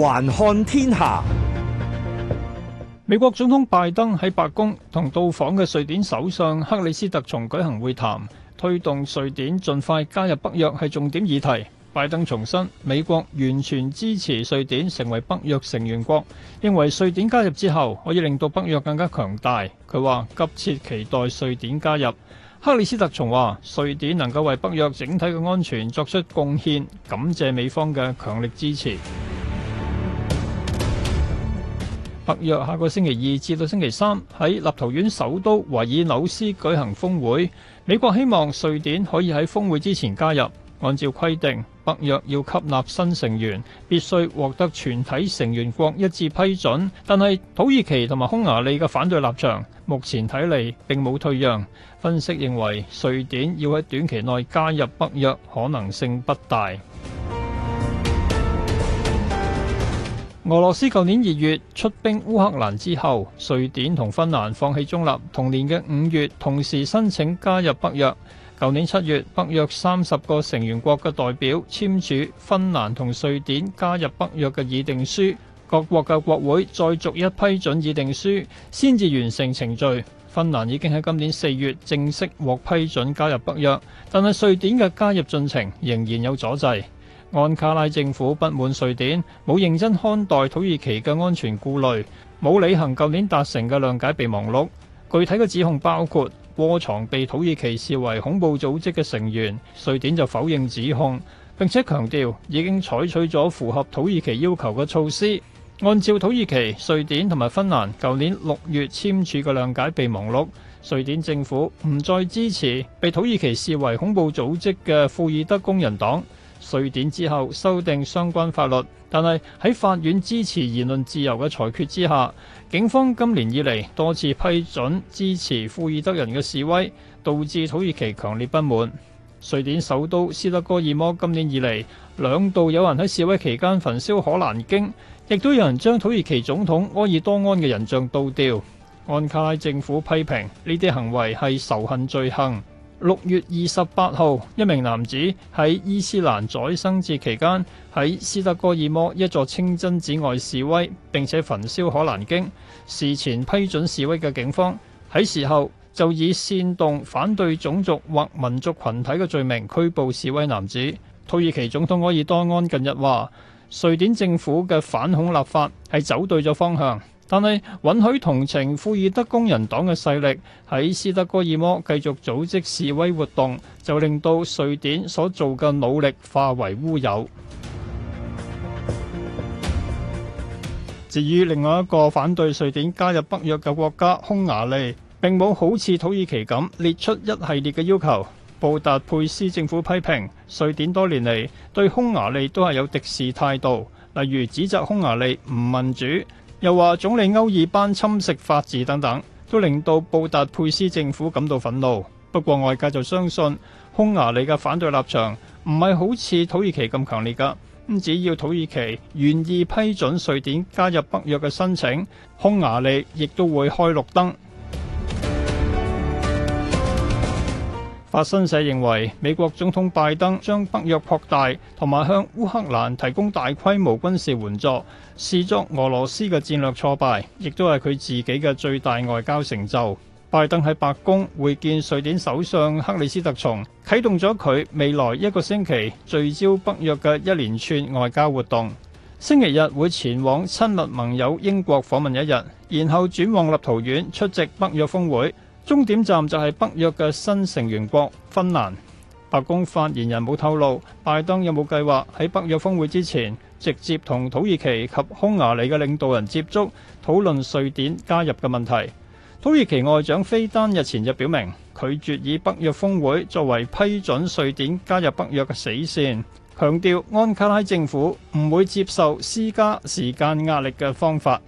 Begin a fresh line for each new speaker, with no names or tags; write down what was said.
環看天下，美國總統拜登喺白宮同到訪嘅瑞典首相克里斯特松舉行會談，推動瑞典盡快加入北約係重點議題。拜登重申，美國完全支持瑞典成為北約成員國，認為瑞典加入之後可以令到北約更加強大。佢話急切期待瑞典加入。克里斯特松話，瑞典能夠為北約整體嘅安全作出貢獻，感謝美方嘅強力支持。北約下個星期二至到星期三喺立陶宛首都維爾紐斯舉行峰會，美國希望瑞典可以喺峰會之前加入。按照規定，北約要吸納新成員，必須獲得全體成員國一致批准。但係土耳其同埋匈牙利嘅反對立場，目前睇嚟並冇退讓。分析認為，瑞典要喺短期內加入北約可能性不大。俄羅斯舊年二月出兵烏克蘭之後，瑞典同芬蘭放棄中立，同年嘅五月同時申請加入北約。舊年七月，北約三十個成員國嘅代表簽署芬蘭同瑞典加入北約嘅議定書，各國嘅國會再逐一批准議定書，先至完成程序。芬蘭已經喺今年四月正式獲批准加入北約，但係瑞典嘅加入進程仍然有阻滯。安卡拉政府不滿瑞典冇認真看待土耳其嘅安全顧慮，冇履行舊年達成嘅諒解備忘錄。具體嘅指控包括窩藏被土耳其視為恐怖組織嘅成員，瑞典就否認指控，並且強調已經採取咗符合土耳其要求嘅措施。按照土耳其、瑞典同埋芬蘭舊年六月簽署嘅諒解備忘錄，瑞典政府唔再支持被土耳其視為恐怖組織嘅庫爾德工人黨。瑞典之後修訂相關法律，但係喺法院支持言論自由嘅裁決之下，警方今年以嚟多次批准支持庫爾德人嘅示威，導致土耳其強烈不滿。瑞典首都斯德哥爾摩今年以嚟兩度有人喺示威期間焚燒可蘭經，亦都有人將土耳其總統埃爾多安嘅人像倒掉。安卡拉政府批評呢啲行為係仇恨罪行。六月二十八號，一名男子喺伊斯蘭宰牲節期間喺斯德哥爾摩一座清真寺外示威，並且焚燒可蘭經。事前批准示威嘅警方喺事後就以煽動反對種族或民族群體嘅罪名拘捕示威男子。土耳其總統埃爾多安近日話，瑞典政府嘅反恐立法係走對咗方向。但係，允許同情庫爾德工人黨嘅勢力喺斯德哥爾摩繼續組織示威活動，就令到瑞典所做嘅努力化為烏有。至於另外一個反對瑞典加入北約嘅國家匈牙利，並冇好似土耳其咁列出一系列嘅要求。布達佩斯政府批評瑞典多年嚟對匈牙利都係有敵視態度，例如指責匈牙利唔民主。又話總理歐爾班侵蝕法治等等，都令到布達佩斯政府感到憤怒。不過外界就相信，匈牙利嘅反對立場唔係好似土耳其咁強烈㗎。咁只要土耳其願意批准瑞典加入北約嘅申請，匈牙利亦都會開綠燈。法新社認為，美國總統拜登將北約擴大同埋向烏克蘭提供大規模軍事援助，視作俄羅斯嘅戰略挫敗，亦都係佢自己嘅最大外交成就。拜登喺白宮會見瑞典首相克里斯特松，啟動咗佢未來一個星期聚焦北約嘅一連串外交活動。星期日會前往親密盟友英國訪問一日，然後轉往立陶宛出席北約峰會。終點站就係北約嘅新成員國芬蘭。白宮發言人冇透露，拜登有冇計劃喺北約峰會之前直接同土耳其及匈牙利嘅領導人接觸，討論瑞典加入嘅問題，土耳其外長菲丹日前就表明，拒絕以北約峰會作為批准瑞典加入北約嘅死線，強調安卡拉政府唔會接受施加時間壓力嘅方法。